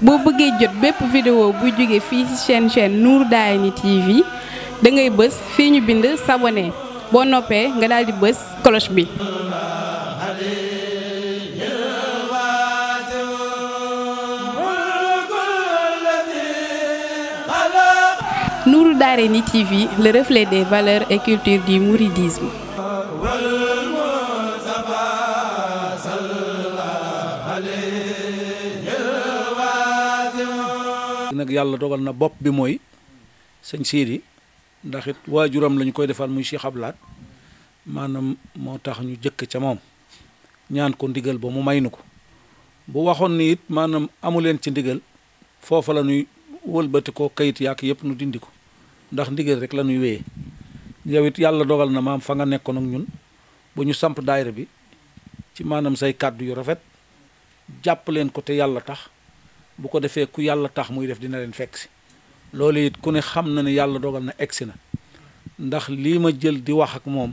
boo bëggee jot bépp vidéo bu jóge sur ci chaîne chaîne Nour Darayni TV da ngay bës fii ñu bind s'abonner boo noppee nga daal di cloche bi. Nour Darayni TV le reflet des valeurs et culture du mouridisme. nag yalla dogal na bop bi moy señ Sidi ndax it wajuram lañ koy defal muy Cheikh ablat manam mo tax ñu jëk ca mom ñaan ko ndigal bo mu maynuko bu waxon ni it manam amu leen ci ndigal fofu la ñuy wëlbeuti ko kayit yak yep nu dindiko ndax ndigal rek la ñuy wéyee yow it yalla dogal na maam fa nga nekkoon ak ñun bu ñu samp daayira bi ci manam say kaddu yu rafet japp len ko te yalla tax. bu ko defee ku yàlla tax muy def dina leen fekk si loolu it ku ne xam na ne yàlla dogal na egsi na ndax lii ma jël di wax ak moom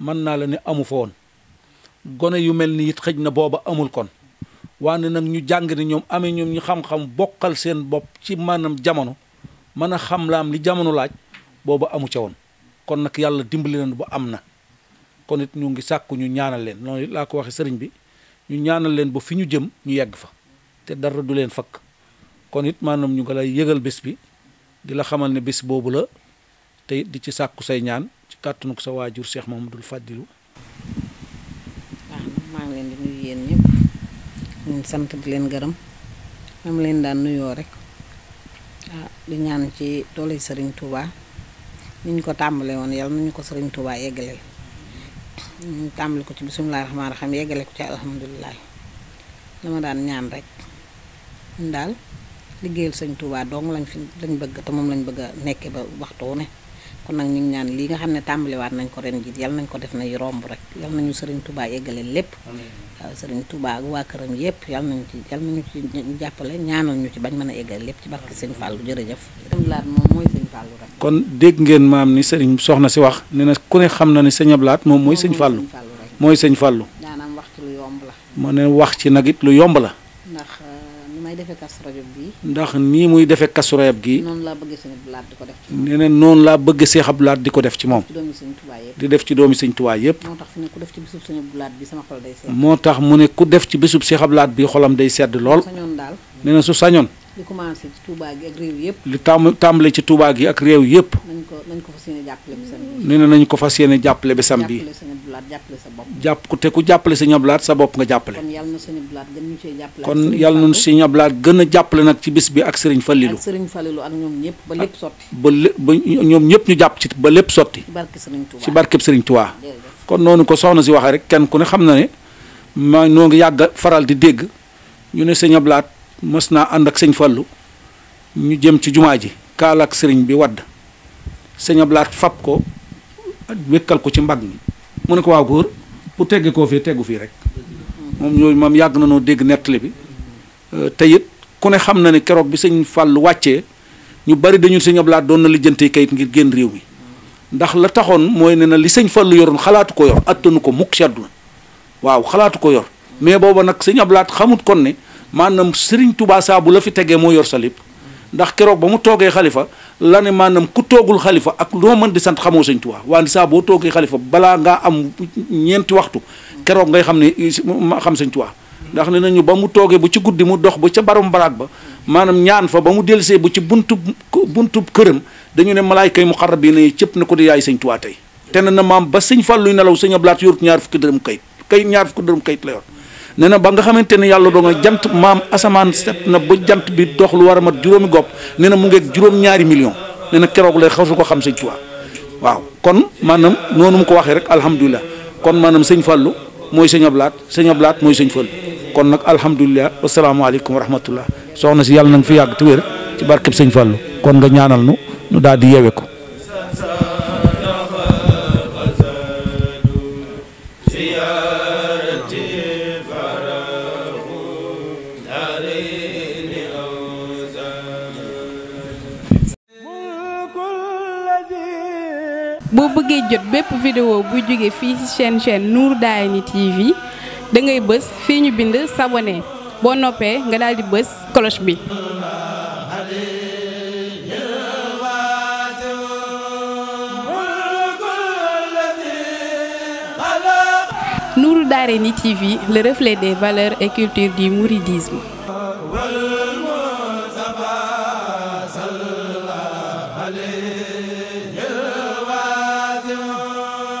mën naa la ne amu fa woon gone yu mel ni it xëj na booba amul kon waane nag ñu jàng ni ñoom amee ñoom ñu xam-xam bokkal seen bopp ci maanaam jamono mën a xam laam li jamono laaj booba amu ca woon kon nag yàlla dimbali leen ba am na kon it ñu ngi sàkku ñu ñaanal leen noonu laa ko waxee sëriñ bi ñu ñaanal leen ba fi ñu jëm ñu yegg fa te dara du leen fakk kon it maanaam ñu ngi lay yëgal bés bi di la xamal ne bés boobu la te it di ci sàkku say ñaan ci kàttanu ko sa waajur Cheikh Mamadou Fadilu waaw maa ngi leen di nuyu yéen ñëpp ñu sant di leen gërëm am leen daan nuyoo rek ah di ñaan ci doole Serigne Touba ni ñu ko tàmbalee woon yàlla nañu ko Serigne Touba yeggaleel ñu tàmbali ko ci bisimilah rahmaani rahiim yeggale ko ci alhamdulilah dama daan ñaan rek. ñun daal liggéeyal sëñ tubaa doom lañ fi lañ bëgg te moom lañ bëgg a nekkee ba waxtu wu ne kon nag ñu ñaan lii nga xam ne tàmbaliwaat nañ ko ren jii yal nañ ko def na romb rek yal nañu sëriñ tubaa yeggale lépp waaw sëriñ Touba ak waa këram yépp yal nañu ci yal nañu ci jàppale ñaanal ñu ci bañ mën a yeggale lépp ci barke sëñ Fallou jërëjëf sëñ Laat moom mooy sëñ Fallou kon dégg ngeen maam ni sëriñ soxna si wax ne na ku ne xam na ne sëñ Ablaat moom mooy sëñ Fallou mooy sëñ Fallou daanaam wax lu yomb la mu ne wax ci nag it lu yomb la may defee kasu rajab bi ndax nii muy defee kasu gi noonu di ko def ci nee na noonu laa bëgg Seex Abdu Lahat di ko def ci moom di def ci doomi Sëñ Tuubaa yëpp moo tax ku def mu ne ku def ci bisub Seex Abdu Lahat bi xolam day sedd lool nee na su sañoon li commencé ci Touba gi ak réew yëpp. li tàmm tàmbale ci Touba yi ak réew yëpp. nañ ko nañ ko fas yéene jàppale bi sam bi. nee na nañ bi. Abdoulaye jàppale sa bopp. jàpp ku te ku jàppale Sëriñ Abdoulaye sa bopp nga jàppale. kon yal na Sëriñ Abdoulaye gën ñu cee jàppale. kon yal na Sëriñ a jàppale nag ci bis bi ak Sëriñ Fallilu. ak Sëriñ Fallilu ak ñoom ñëpp ba lépp sotti. ba lé ba ñoom ñu jàpp ci ba lépp sotti. ci barke Sëriñ Touba barkeb Sëriñ Touba. kon noonu ko soxna si waxee rek kenn ku ne xam na ne ma noo ngi yàgg faral di dégg ñu ne Sëriñ Abdoulaye mës naa ànd ak Sëriñ Fallu ñu jëm ci jumaa ji kaal ak sëriñ bi wadd sëñ Ablaat fab ko wékkal ko ci mbag mi mu ne ko waaw góor pour tegge koo fii teggu fii rek moom ñooñu moom yàgg na noo dégg nettali bi euh, te it ku ne xam na ne keroog bi sëñ Fàllu wàccee ñu bari dañu sëñ Ablaat doon na lijjante kayit ngir génn réew mi ndax la taxoon mooy ne na li sëñ Fàllu yoroon xalaatu ko yor attanu ko mukk seddu waaw xalaatu ko yor mais booba nag sëñ Ablaat xamut kon ne maanaam sëriñ Tubaa saa bu la fi tegee moo yor sa lépp ndax keroog ba mu toogee xalifa la ne maanaam ku toogul xalifa ak loo man di sant xamoo sañ Tuubaa waaye saa boo toogee xalifa balaa ngaa am ñeenti waxtu keroog ngay xam ne xam sëñ Tuubaa ndax ne nañu ba mu toogee bu ci guddi mu dox ba ca barom baraag ba maanaam ñaan fa ba mu delsee bu ci buntu buntub buntub këram dañu ne malaayka yi mu xarab yi ne cëpp na ko di yaay sëñ Tuubaa tey te na maam ba sëñ Fàllu nelaw sëñ laat yorut ñaar fukki dërëm kayit kayit ñaar fukki dërëm kayit la yor nee na ba nga xamante ne yàlla doon na jant maam asamaan set na ba jant bi dox lu war a mat juróomi gopp nee na mu ngeeg juróom-ñaari million nee na keroog lay xaw su ko xam sëñ Tuubaa waaw kon maanaam noonu mu ko waxee rek alhamdulilah kon maanaam sëñ Fallou mooy sëñ laat sëñ laat mooy sëñ Fallou kon nag alhamdulilah wasalaamaaleykum wa rahmatullah soxna si yàlla na fi yàgg te wér ci barkeb sëñ Fallou kon nga ñaanal nu nu daal di yewe ko. bo bëggee jot bép vidéo bu jóge fi ci chaîne chaîne Nour Darayni TV da ngay bës fii ñu bind s'abonner boo noppee nga daldi di cloche bi. Nour Darayni TV le reflet des valeurs et culture du mouridisme.